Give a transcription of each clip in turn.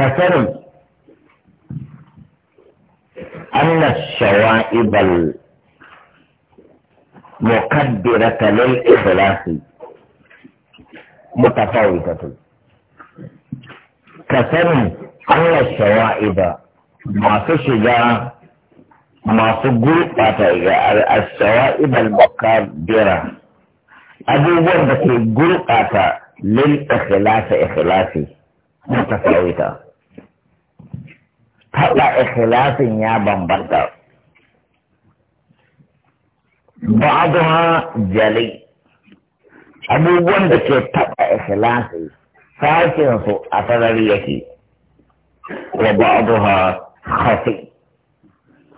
كثر أن الشوائب المكبرة للإخلاص متفاوتة كثر أن الشوائب ما تشجع ما تقول الشوائب المكبرة abubuwan da ke للإخلاص إخلاصي متفاوتة Taɓa ikhlasin ya bambanta ha jali abubuwan da ke taɓa ikhlasi sashen su a sarari yake wa ha khafi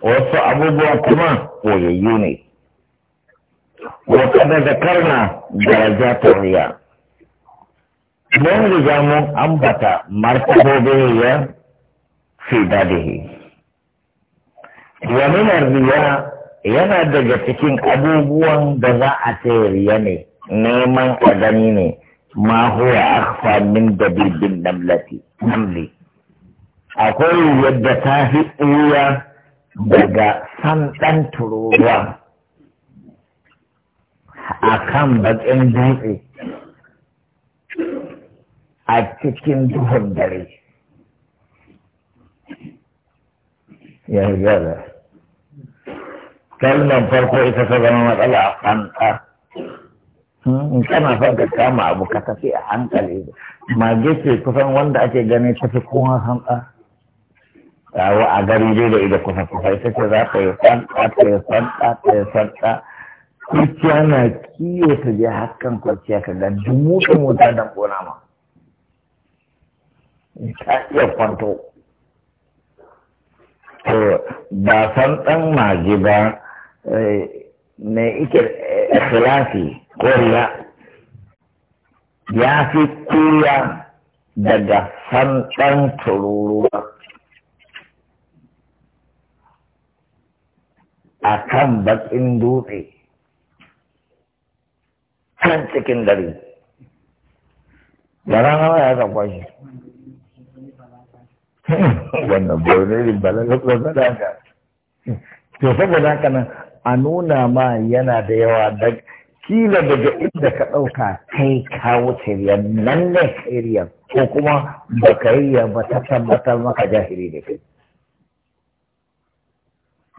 wasu abubuwa kuma koyayyu ne wa kada zakarna ta riya mun riga mun ambata martabobin riya fi dadihi wa min riya yana daga cikin abubuwan da za a ce riya ne neman a gani ne ma huwa akhfa min dabibin namlati akwai yadda ta fi ɓuya daga san ɗan tururuwa a kan bakin dutse a cikin duhun dare ya yi gaza kalmar farko ita ta zama matsala a fanta hmm, in kana son ka kama abu ka tafi a hankali mage ce kusan wanda ake gani tafi kowa fanta yawo a gari dai da ida kusa kusa ita ce za ta yi fanta ta yi fanta ta yi fanta kurciya na kiyo ta je hakan kurciya ka ga dumu ta mota da kona ma ta iya kwanto to ba san ɗan magi ba eh, mai ike ikhlasi ko riya ya fi kuya daga san tururu tururuwa a kan baƙin dutse can cikin dare da ranar ya zakwai wannan ne balagar da ka to saboda haka nan a nuna ma yana da yawa da kila daga inda ka ɗauka kai ka wuce ya nan ne kai ko kuma ba yi ya ba ta tabbatar maka jahiri ne kai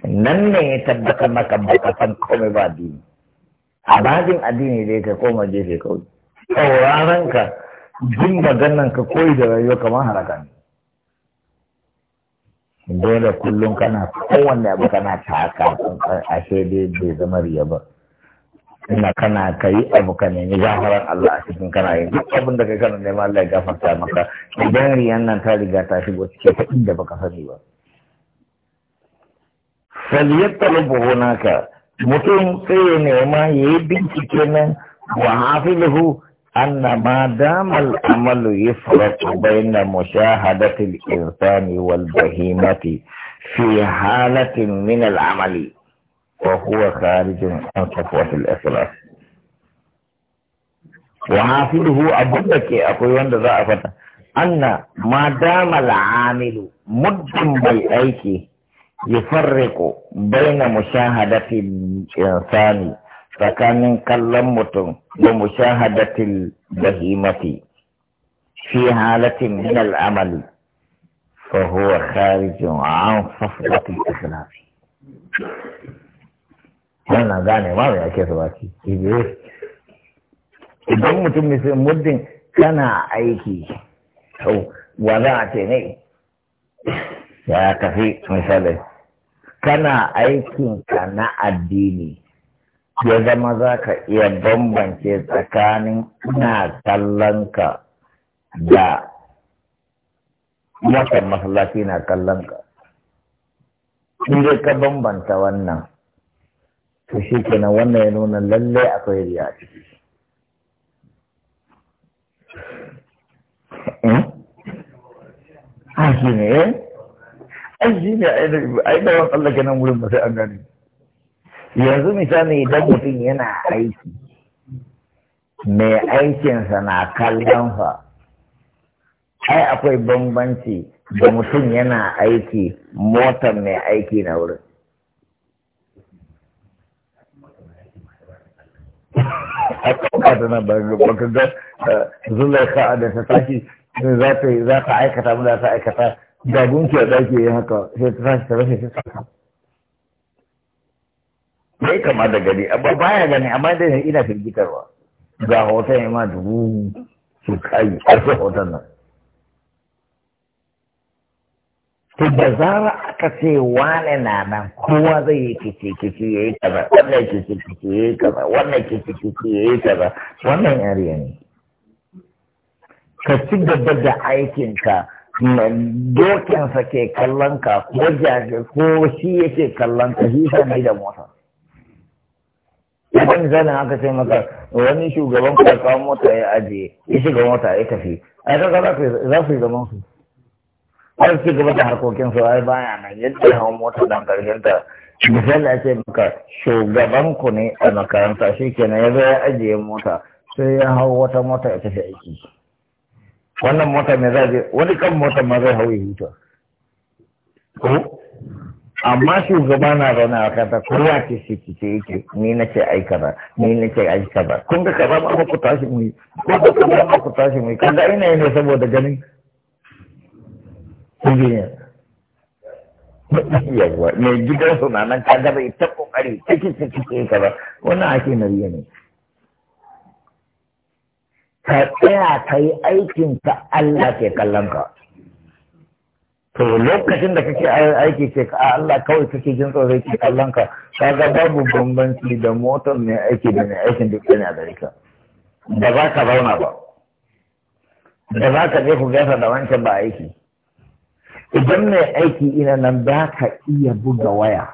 nan ne ya tabbatar maka ba ka san komai ba dini. a bajin addini dai ka koma jefe kawai sauraron ka jin maganan ka koyi da rayuwa kamar haraka ne dole kullum kana kowanne abu kana haka ashe dai bai zama riya ba ina kana yi abu ka nemi gafaran Allah a cikin kana yin duk abin da kai kana neman Allah ya gafarta maka idan riyan nan ta riga ta shigo cikin ta inda baka sani ba falyattalubu hunaka mutum sai ya nema yayi bincike nan wa hafi hafiluhu أن ما دام الأمل يفرق بين مشاهدة الإنسان والبهيمة في حالة من العمل وهو خارج عن صفوة الإخلاص وحافظه أبوك أقول وند ضعفته أن ما دام العامل مدن بالأيكي يفرق بين مشاهدة الإنسان tsakanin kallon mutum da mushahadatil bahimati fi halatin min al'amali fa huwa kharijin an fasdatil ikhlasi wannan gane ma me ake so baki idan mutum ne sai muddin kana aiki to wa za a ce ne ya tafi misali kana aikinka na addini ya zama za ka iya bambance tsakanin ina kallon ka da watan masallaci na kallon ka in dai ka bambanta wannan to shi kenan wannan ya nuna lalle akwai riya a ciki a ne ai shi ne ai da wani tsallake nan wurin ba sai an gani yanzu misali idan mutum yana aiki mai aikinsa na kallon fa ai akwai bambanci da mutum yana aiki motar mai aiki na wurin a ɗauka ta na baka ga eh, zulaika da ta tashi eh, za ta aikata mu da ta aikata ga gunki a ɗaki haka sai ta tashi ta rashe bai kama da gani amma baya gani amma dai ina firgitarwa ga hoton ya ma dubu su kai a su hoton nan to da zara aka ce wane na nan kowa zai yi kici kici yayi kaza wannan kici kici yayi kaza wannan kici kici yayi kaza wannan yariya ne ka ci gaba da aikinka dokinsa ke kallon ka ko shi yake kallon ka shi mai da motar. kaga misalin aka ce maka wani shugaban ka kawo mota ya ajiye ya shiga mota ya tafi ai kaga za ku yi zaman su har su gaba da harkokin su ai baya nan yadda hawan mota dan karshen ta misali ya ce maka shugaban ku ne a makaranta shi kenan ya zo ya ajiye mota sai ya hau wata mota ya tafi aiki wannan mota mai zaje wani kan mota ma zai hau ya huta ko amma gaba na zaune a kanta kowa ce shi ce yake ni na ce ai kaza ni na ce ai kaza kun ga kaza ma ku tashi mu ko ba kaza ma ku tashi mu kaza ina ne saboda ganin injiniya yawa mai gidan su na nan ka gaba ita kokari ce take take kaza wannan ake nariya ne ka tsaya ka yi aikin ka Allah ke kallon ka to lokacin da kake aiki ce ka Allah kawai kake jin tsoron ki kallon ka kaga babu bambanci da motar mai aiki da mai aikin duk ɗaya a gare ka da za ka zauna ba da za ka je ku gasa da wancan ba aiki idan mai aiki ina nan za ka iya buga waya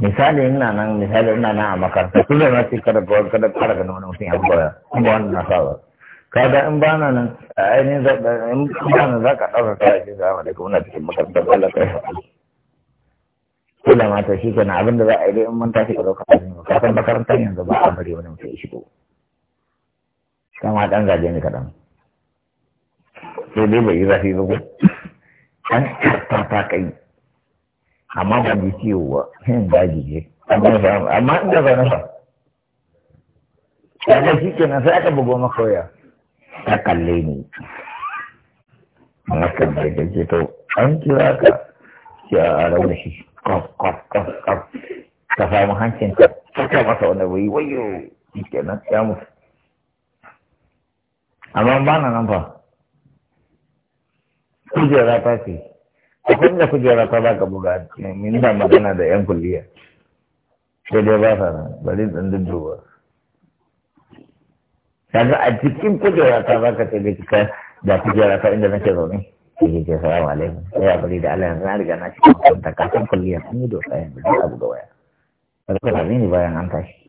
misali ina nan misali ina nan a makaranta kullum na ce kada kada kada wani mutum ya buga waya kuma wani na kaga in ba na nan a ainihin in ba na za ka ɗauka kawai shi zama da kuma na cikin makarantar Allah kai haɗu da ma shi shi na abinda za a yi in mun tashi ka ɗauka a cikin kasan makarantar yanzu ba a bari wani mutum ya shigo kama ɗan gaje ni kaɗan sai dai bai yi zafi ba ko an ta ta kai amma ban yi ciwo ba hin daji ne amma inda zaune fa kaga shi kenan sai aka bugo maka ta kalle ni makan da ya ce to an kira ka ce a shi kof kof kof kof ka samu hancin ka saka masa wani wai wayo shi kenan ya mutu amma ba na nan fa kujera ta ce akwai da kujera ta za ka buga min da magana da yan kulliya sai dai ba sa nan bari dan dudduba kaga a cikin kujera ta zaka ce da kika da kujera ta inda nake zaune ke ce salamu alaikum sai a bari da Allah yanzu na riga na cikin kwanta ka san sun yi dosa yanzu abu ga waya kaga ka same ni bayan an tashi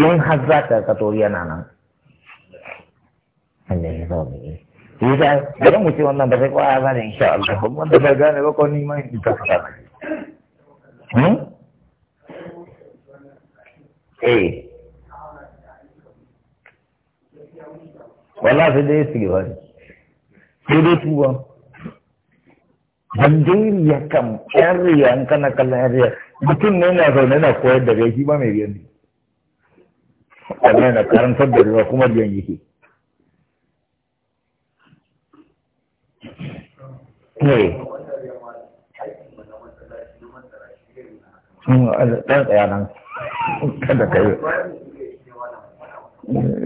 in har za ka ka yana nan Allah ya zo mai yi da da mu ce wannan ba sai kwaya ba insha Allah wanda bai gane ba ko ni ma ta fara eh wallahi sai dai istighfari sai dai tuwa bandiri ya kam yan riya in kana kallon yan riya mutum ne na zaune na koyar da gai shi ba mai biyan ne wallahi na karantar da riya kuma biyan yake ne eh. hmm, ɗan tsaya nan kada ka yi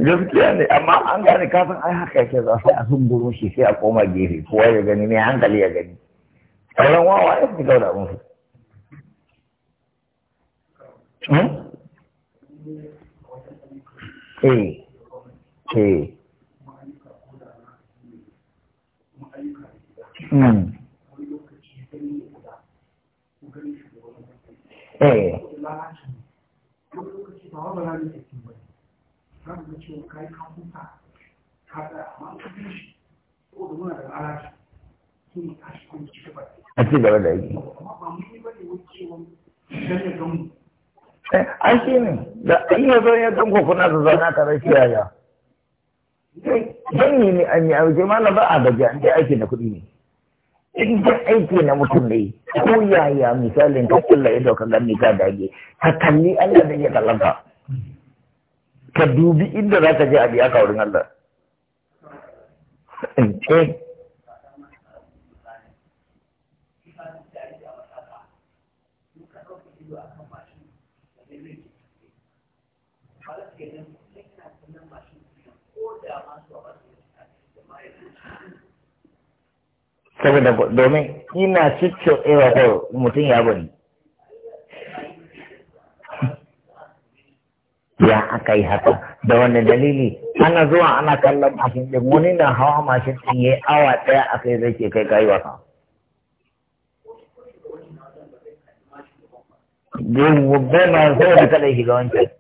gaskiya ne amma an gane kafin ai haka yake za sai a sun gurin shi sai a koma gefe kowa ya gani ne hankali ya gani sauran wawa ya fi kauda musu hmm? eh eh Mm. Eh. ba ba cewa tsaya da alaƙa su mu tashi a ci gaba da yake amma ba mu yi ne wani cewa ya gamu eh, an ne da ya ya ganku kuna su tare shi yaya don ne ne a yi ba a gajiya, an aiki da kuɗi ne in ji aiki na mutum ne ko yaya misalin ka kulla ido ka gani ka dage ka kalli Allah da ya kallaka ka dubi inda za ka je a biya ka wurin Allah saboda domin ina cikin ewa ko mutum ya bari ya aka yi haka da wani dalili ana zuwa ana kallon mashin din wani na hawa mashin din yi awa daya a kai zai ke kai kayi wasa gobe ma da kada shiga wancan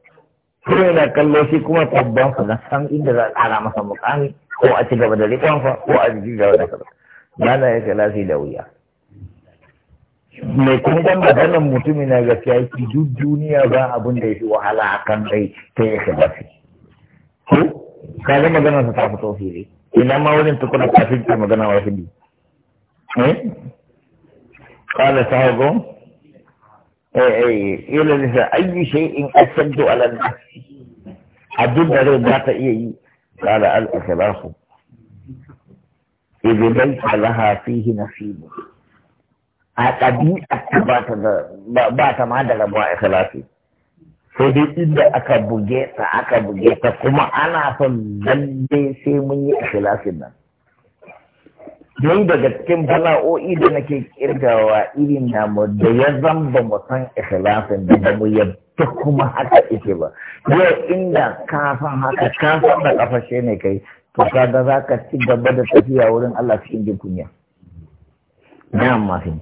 sai na kallo shi kuma tabbansa na san inda za a ƙara masa mukami ko a ci gaba da riƙon ko a ci gaba da kaza mana ya lafi da wuya mai kuma ban ganin mutumin na gaskiya yake duk duniya ba abin da yake wahala a kan dai ta ya lafi ko ka ga magana sa ta fito fili ina ma wurin ta ta kafin ta magana wa fili eh ta hago eh eh ila lisa ayyi shay'in ashaddu ala nafsi abin da zai ba ta iya yi Kala al-ikhlasu idan laisa laha na nasibu a ƙabi'a ba ta ba ta ma da rabuwa ikhlasi sai dai inda aka buge ta aka buge ta kuma ana son lalle sai mun yi ikhlasin nan dai daga cikin bala'o'i da nake kirgawa irin namu da ya ba mu san ikhlasin da ba mu yadda kuma haka ita ba yau inda ka san haka ka san da kafashe ne kai to kaga za ka ci gaba da tafiya wurin Allah cikin jin kunya na amma fin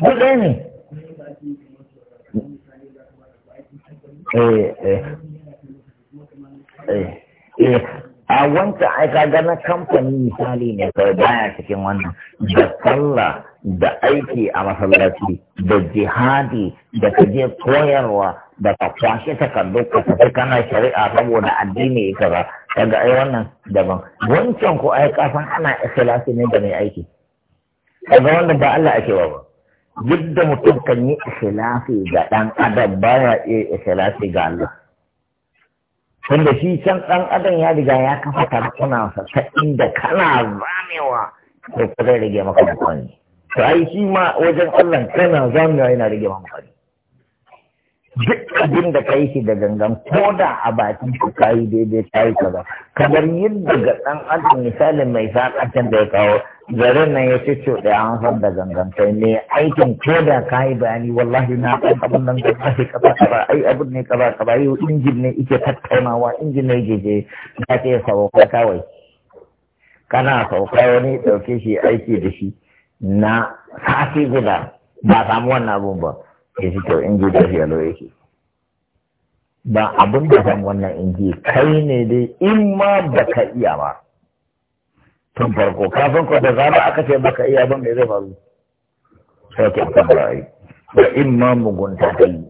Kuɗe ne. Eh, eh. Eh, eh. a wancan aika kaga na kamfani misali ne kawai baya cikin wannan da sallah da aiki a masallaci da jihadi da kaje koyarwa da ka kwashe takardu ka tafi kana shari'a saboda addini ya kaza kaga ai wannan daban wancan ko ai kasan ana ikhlasi ne da mai aiki kaga wanda ba Allah ake ba duk da mutum kan yi ikhlasi ga dan adam baya iya ikhlasi ga Allah wanda shi can ɗan adam ya riga ya kafa tarkunansa ta inda kana zamewa ko ka zai rage maka bukani to ai shi ma wajen Allah kana zamewa yana rage maka bukani duk abin da kai shi da gangan ko da a bakin ka kayi daidai yi kaba. kamar yadda ga ɗan adam misalin mai sakacin da ya kawo garin nan ya ce ce da an san da gangan kai ne aikin ko da kayi bayani wallahi na ɗan abin nan da kai kaba-kaba. ai abin ne kaba-kaba yau injin ne ike tattaunawa injin ne ke je ka ce sauka kawai kana sauka wani ɗauke shi aiki da shi na sati guda ba samu wannan abun ba ya ji kyau inji da yalo yake ba abin da zan wannan inji kai ne dai in ma ba ka iya ba tun farko kafin ko da zama aka ce ka iya ban me zai faru sai ke tambara yi ba in ma mugunta ta yi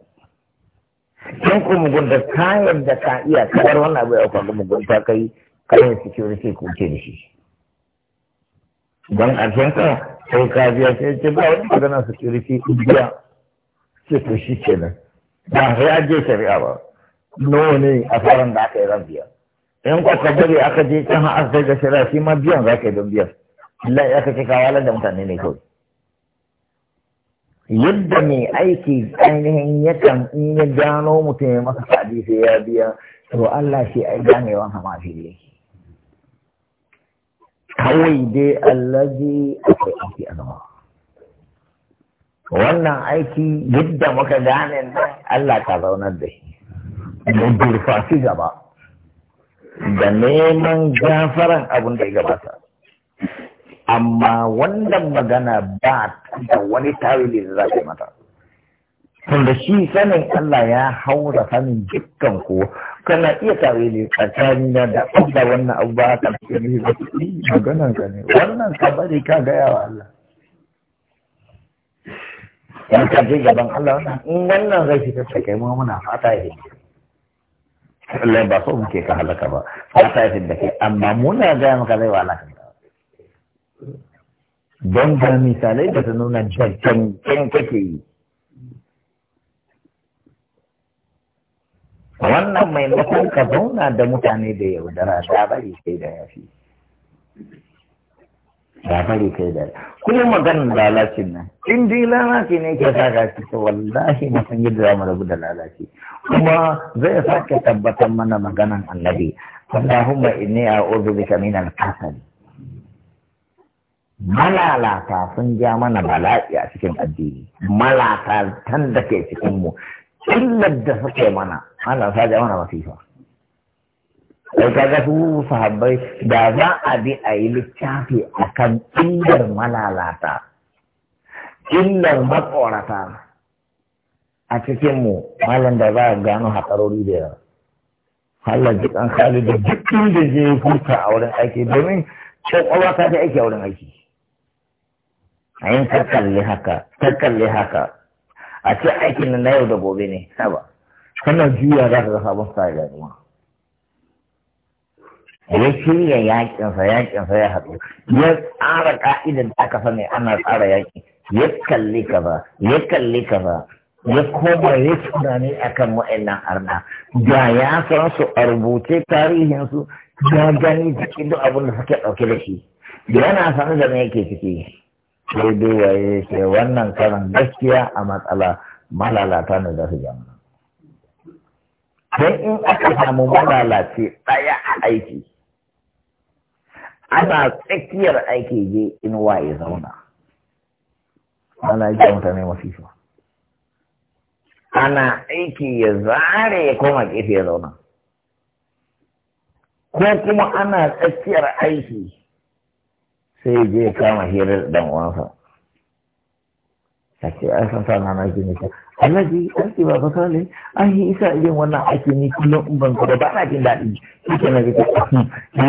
in ku mugunta kayan yadda ka iya kamar wannan abu ya faru mugunta kai kayan security ko ce da shi don a ka sai ka biya sai ce ba wani magana security ko biya ce to shi da ba ya je shari'a ba nawa ne a faran da aka yi ran biya in ko aka je can har kai ga shari'a shi ma biyan za ka yi don biyan Allah ya kace kawalan da mutane ne kawai yadda mai aiki ainihin yakan in ya gano mutum ya masa sadi sai ya biya to Allah shi ai ganewan sa ma fili yake kawai dai allazi akwai aiki a gaba wannan aiki yadda muka gane Allah ta zaunar da shi mu durfafi gaba da neman gafaran abin da ya gabata amma wannan magana ba da wani tawili da za a mata tunda shi sanin Allah ya haura sanin dukkan ko kana iya tawili tsakanin da da wannan abu ba ka fi magana ne wannan kabari ka gaya wa Allah yan ka je gaban Allah wannan in wannan zai fita da kai mu muna fata yi Allah ba so muke ka halaka ba fata yi fita kai amma muna ga maka zai wala kan don ga misalai da ta nuna jajjancen kake yi wannan maimakon ka zauna da mutane da yaudara ta bari sai da yafi ya bari kai da kuma maganin lalacin nan in dai lalaci ne ke sa ka ce wallahi na san yadda za mu rabu da lalaci kuma zai sake tabbatar mana maganan annabi Allahumma inni a'udhu bika min al-kasal malalata sun ja mana bala'i a cikin addini malalata tan da ke cikin mu illar da suke mana Allah sa ja mana masifa sai kaga su sahabbai da za a bi a yi littafi a kan illar malalata illar matsorata a cikinmu malam da za a gano haƙarori da yawa Allah ji ɗan kali da duk da je huta a wurin aiki domin cin ƙwaƙwa ta aiki a wurin aiki a yin takalli haka takalli haka a ce aikin na yau da gobe ne saba kana juya za ka ga sabon sa ya ya shirya yakinsa yakinsa ya haɗu ya tsara ka'idar da aka sani ana tsara yaki ya kalli ba ya kalli ba ya koma ya tunani akan wa'annan arna da ya san su a rubuce tarihinsu ya gani cikin duk abin da suke ɗauke da shi yana san da me yake ciki sai dai waye sai wannan karan gaskiya a matsala malalata na za su jama'a don in aka samu malalace ɗaya a aiki ana tsakiyar aiki je in waye zauna ana ya mutane masifa ana aiki ya zare ya koma gefe ya zauna ko kuma ana tsakiyar aiki sai je kama hirar dan uwansa sake a san sa na naji ne alhaji aiki ba fasa ne an yi isa irin wannan aiki ni kullum in ban ba na jin daɗi shi ke na yi.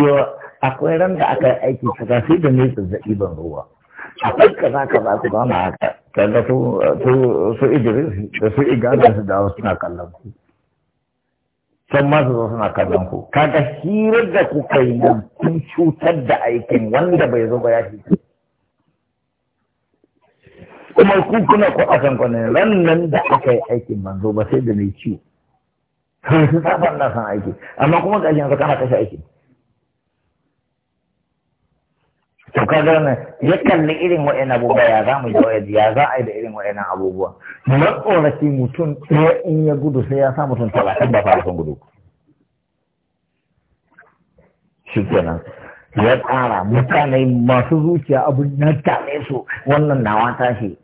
yau akwai ran da aka yi aiki kaza sai da ne zazzaɓi ban ruwa akwai kaza za ku ba ma haka kaga su su Idris da su da su dawo suna kallon ku can ma su zo suna kallon ku kaga hirar da kuka yi nan kun cutar da aikin wanda bai zo ba ya cutar kuma ku kuna ku kan kwanan ran nan da aka yi aikin zo ba sai da mai ciwo sun sa saban na san aiki amma kuma ga yanzu kana kashe aikin to ga nan ya kalli irin wa'in abubuwa ya za mu yi ya za a yi da irin wa'in abubuwa matsoraci mutum ɗaya in ya gudu sai ya sa mutum talatin da fara gudu shi kenan ya tsara mutane masu zuciya abin ya dame su wannan nawa tashi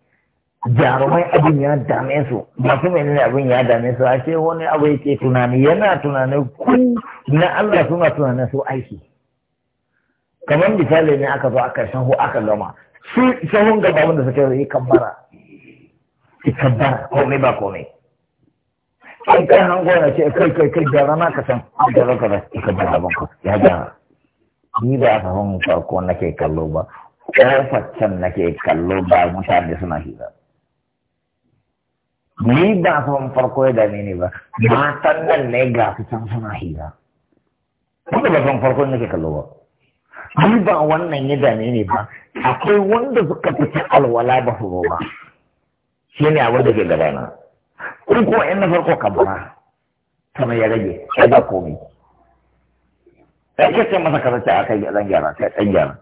jarumai abin ya dame su masu mai menene abin ya dame su a ce wani abu yake tunani yana tunanin ku na Allah suna tunanin su aiki kamar misali ne aka zo aka shahu aka gama su shahun gaba wanda suke yi kambara ki kabbara komai ba komai an kai hango na ce kai kai kai gyara na ka san an gyara ka da ka kabbara ban ka ya gyara ni ba aka hon farko nake kallo ba kofar na nake kallo ba mutane suna ba ni ba son farko ya dame ni ba matan nan ne ga su can suna hira wanda ba son farko nake kallo ba ni ba wannan ya dame ne ba akwai wanda suka fita alwala ba su ba shi ne abin da ke gaba na kuma in na farko ka bara mai ya rage ya ba komai ya ce masa kasance a kai ya dan gyara kai dan gyara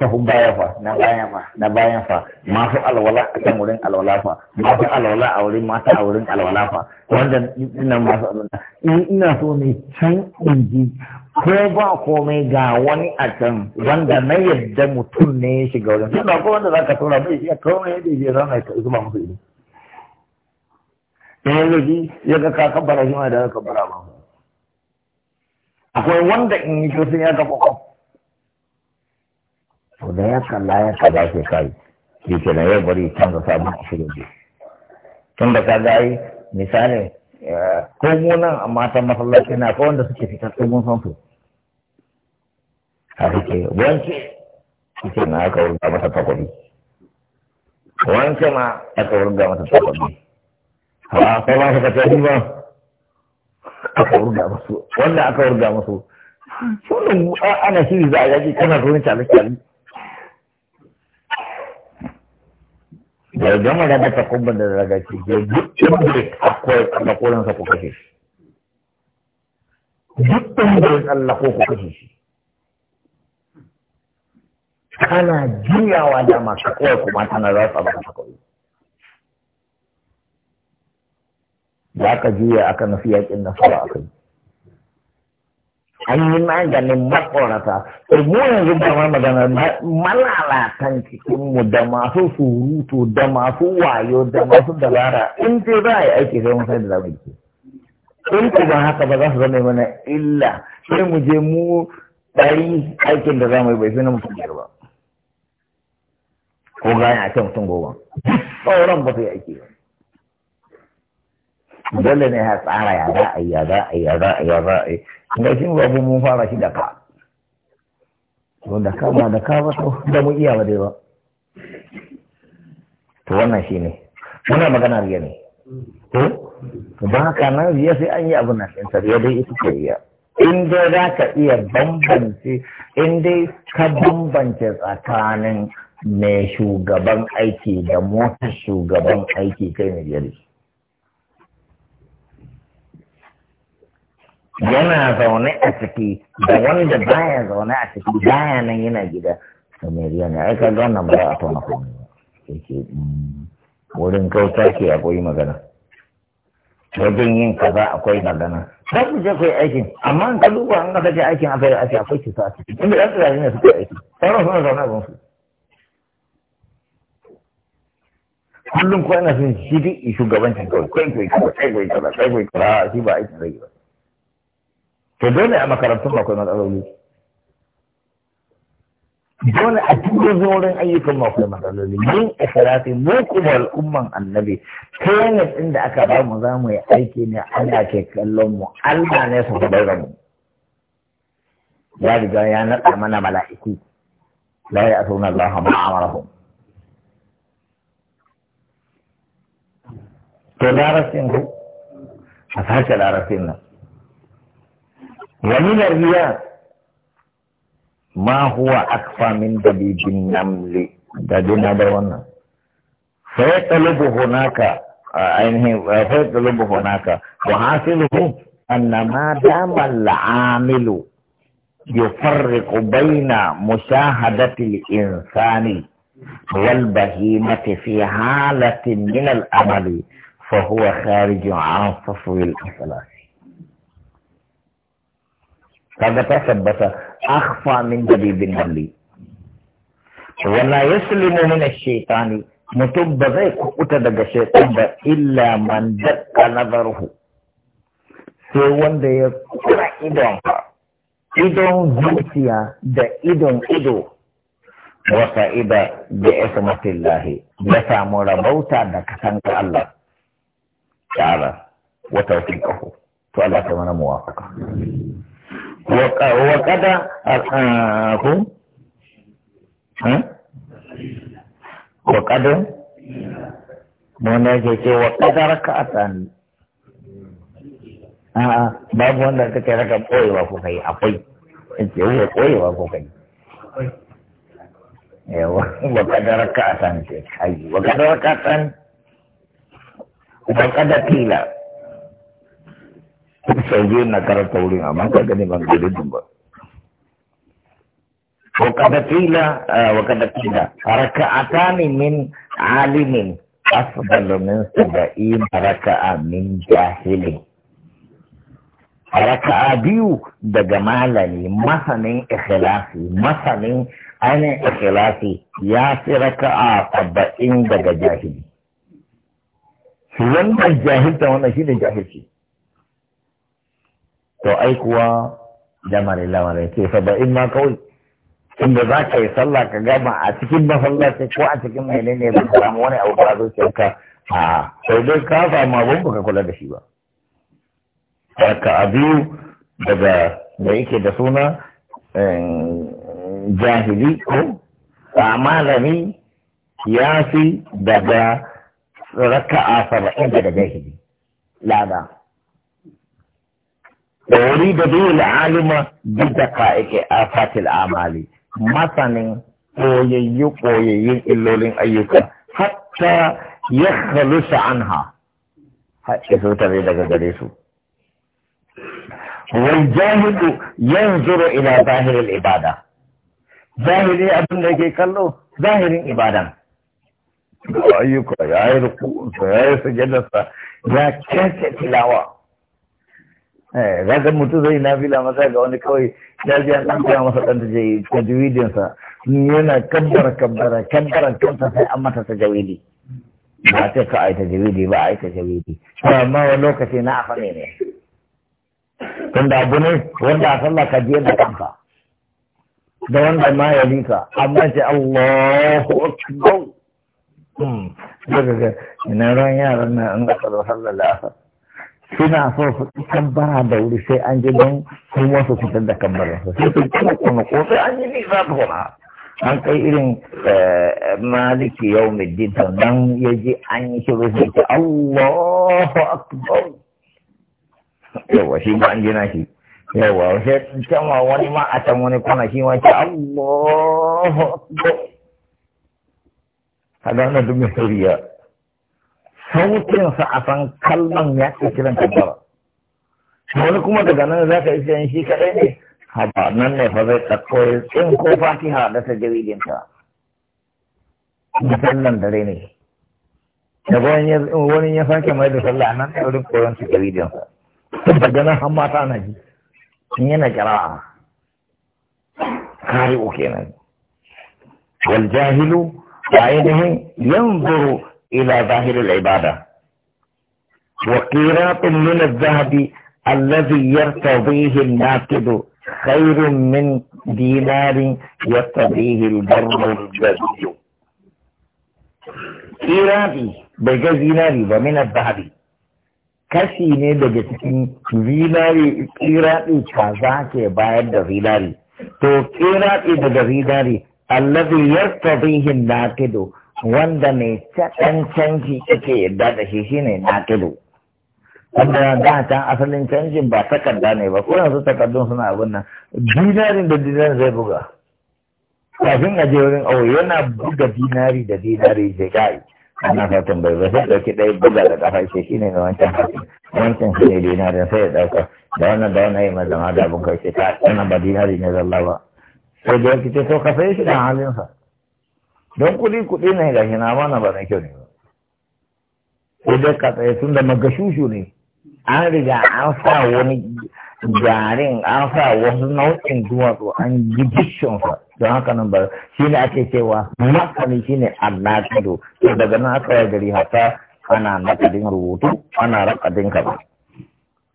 sahun baya fa na baya fa na bayan fa masu alwala a kan wurin alwala fa masu alwala a wurin mata a wurin alwala fa wanda ina masu alwala ina so ne can inji ko ba komai ga wani a can wanda na yadda mutum ne ya shiga wurin tunda ko wanda zaka tura bai shi kawai yadda ya zama ya zuba musu ido in eh, yanzu ya ga ka kabbara shi ma da ka kabbara ba akwai wanda in yi sai ya ga kwakwam to da ya kalla ya kalla ke kai shi ke na yau bari a sabon ji tun da ka ga yi misali eh, ko nan a matan masallaci na ko wanda suke fitar tsohon mun a suke wanke ke na aka wurga masa takwabi wanke ma aka wurga masa takwabi a kai ma suka ce ba aka wurga masu wanda aka wurga masu sunan ana shiri za a yaki kana so ne cale da gama raba takobban da daga ciki duk inda akwai tsallakolinsa ku kashe shi duk inda ya tsallako ku kashe shi kana juyawa da masu kawai kuma tana za su ba ta kawai za ka juya aka nufi yakin nasara a kai an yi maganin makorata to mu yanzu ba ma magana malalatan cikin mu da masu surutu da masu wayo da masu dabara in ce za a yi aiki sai mun sai da zamu yi in ce ba haka ba za su zama mana illa sai mu je mu ɗari aikin da zamu yi bai sai na mutum biyar ba ko gane a kan mutum goma sauran ba sai aiki ba dole ne ya tsara ya za a yi ya za a yi ya za a yi ya za a yi ga shi babu mun fara shi da ka to da ka ba da ka ba to da mu iya ba dai ba to wannan shi ne muna magana riya ne ko ba ka nan riya sai an yi abu na sai riya dai ita ce riya in dai za ka iya bambance in dai ka bambance tsakanin mai shugaban aiki da motar shugaban aiki kai ne riya yana zaune a ciki da wanda baya zaune a ciki baya nan yana gida to me riya ne ga wannan ba a tona ko yake mm, wurin kauta ke akwai magana wajen yin kaza akwai magana za ku je kai aikin amma in ka an ka je aikin akai aiki akwai kisa a ciki inda ɗan tsirari ne suke aiki sauran suna zaune a gonsu kullum ko shi duk shugabancin kawai kai kai kai kai kai kai kai kai kai kai kai kai kai kai kai kai to dole a makarantun akwai matsaloli dole a cikin zauren ayyukan mu akwai matsaloli yin ikirafi mu kuma al'umman annabi Ta din inda aka ba mu za mu yi aiki ne Allah ke kallon mu Allah ne su da mu ya riga ya naɗa mana mala'iku la ya asuna Allah ma amarahum to larasin ku a sace larasin nan ومن الرياء ما هو أكفى من دبيب النمل دادنا دوانا فيطلب هناك عينه يعني فيطلب هناك وحاصله أن ما دام العامل يفرق بين مشاهدة الإنسان والبهيمة في حالة من الأمل فهو خارج عن صفو الإخلاص تتكسبت أخفى من جديد النبلي ولا يسلم من الشيطان متب ذيك أتدق الشيطان إلا من دق نظره سيوان دي كرا إدوان إدوان جوسيا دا إدوان إدو وسائبا بإسمة الله بسا مربوتا دا كسانك الله تعالى وتوفيقه تعالى كمان موافقه وقد هم وقد مناجي وقد ركعتان a'a babu wanda kake raka koyewa ko kai akwai ce wa koyewa ko kai yawa eh, wa kadara ka san ce kai wa kadara ka san wa kadara kila sai zai na karanta wurin amma ka gani ban gari din ba wa kada tila eh, wa kada tila haraka atani min min sabai haraka min biyu daga malami masanin ikhlasi masanin ainihin ikhlasi ya fi a sabain daga jahili wannan jahilta wannan shi ne jahilci to aikuwa kuwa lamarin lamarin ba in ma kawai inda za ka yi sallah ka gama a cikin masallaci ko a cikin mai ne ba ka samu wani abu ba zuciyarka a sai dai ka samu abu ba ka kula da shi ba ka a biyu daga da yake da suna eh, jahili ko a malami ya fi daga raka'a saba'in da jahili lada وأريد به العالم بدقائق آفات الأعمال مثلا قويي قويي إلولين أيوكا حتى يخلص عنها حتى تريدك جريسو والجاهد ينظر إلى ظاهر العبادة ظاهر أبن لكي كله ظاهر عبادة أيوكا يا ركوع يا سجدة يا كاسة تلاوة zaka eh, mutu zai na fila masa ga wani kawai ya ji an ɗan masa ɗan tajiri tajwidinsa yana kabbara kabbara kabbara kanta sai an mata tajwidi ba ce ka ai tajwidi ba ai tajwidi amma wani lokaci na afa ne ne tunda abu ne wanda a sallah ka je da kanka da wanda ma ya lika amma ce Allahu akbar hmm. daga ina ran yaran nan an ga sallar la'asar suna so su kabbara da wuri sai an ji don sun wasu su da kabbara su sai su kuma kuma ko sai an yi nisa tukuna an kai irin eh, maliki yau mai dinta nan ya ji an yi shiru sai ta Allahu Akbar yawa shi ba an gina shi yawa sai can ma wani ma a can wani kwana shi ma ce Allahu Akbar kaga wannan duk sauriya sautinsa a san kallon ya ke kiran kaddara wani kuma daga nan za ka isa shi kaɗai ne haba nan ne fa zai ɗauko ya tsin ko fatiha da ta jaridinta musallan dare ne da bayan wani ya sake mai da sallah nan ne koyon su jaridinsa daga nan har mata na ji in yana kira'a uke kenan waljahilu jahilu ainihin yanzuru إلى ظاهر العبادة وقيراط من الذهب الذي يرتضيه الناقد خير من دينار يرتضيه البر الجزي قيراطي بجزيناري ومن الذهب kashi ne زيناري قيراطي zinari بعد زيناري تو قيراطي بجزيناري الذي يرتضيه الناقد wanda mai caɗan canji yake yadda da shi shine na kilo wanda na da can asalin canjin ba takarda ne ba ko yanzu takardun suna abin nan dinarin da dinarin zai buga kafin a je wurin awo yana buga dinari da dinari zai kai ana fatan bai ba sai dauki ɗaya buga da kafa shi shine na wancan wancan shine dinarin sai ya dauka da wannan da wannan ya zama da abin kai shi ta wannan ba dinari ne zalla ba sai da yake ce to ka sai shi da halinsa don kuɗi kuɗi ne ga hina mana ba na kyau ne ba sai dai ka tsaye sun da magashushu ne an riga an sa wani jarin an sa wasu nau'in duwatsu an yi bishinsa don haka nan ba shi ne ake cewa masani shi ne annakido to daga nan aka yi gari hata ana nakadin rubutu ana rakadin ka ba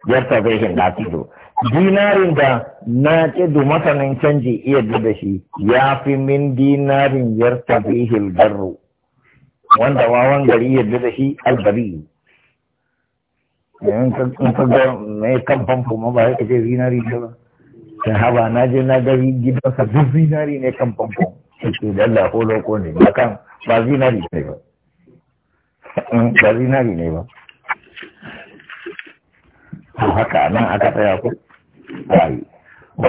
yadda zai hin nakido dinarin da na kidu masanin canji iya da shi ya fi min dinarin yar tafihil garro wanda wawan gari iya da shi albari in ka ga mai kan famfo ma ba ya ce zinari ne ba ta haba na je na gari gidansa duk zinari ne kan famfo ke da Allah ko loko ne ba kan ba zinari ne ba mm, ba zinari ne ba to haka nan aka tsaya ku Right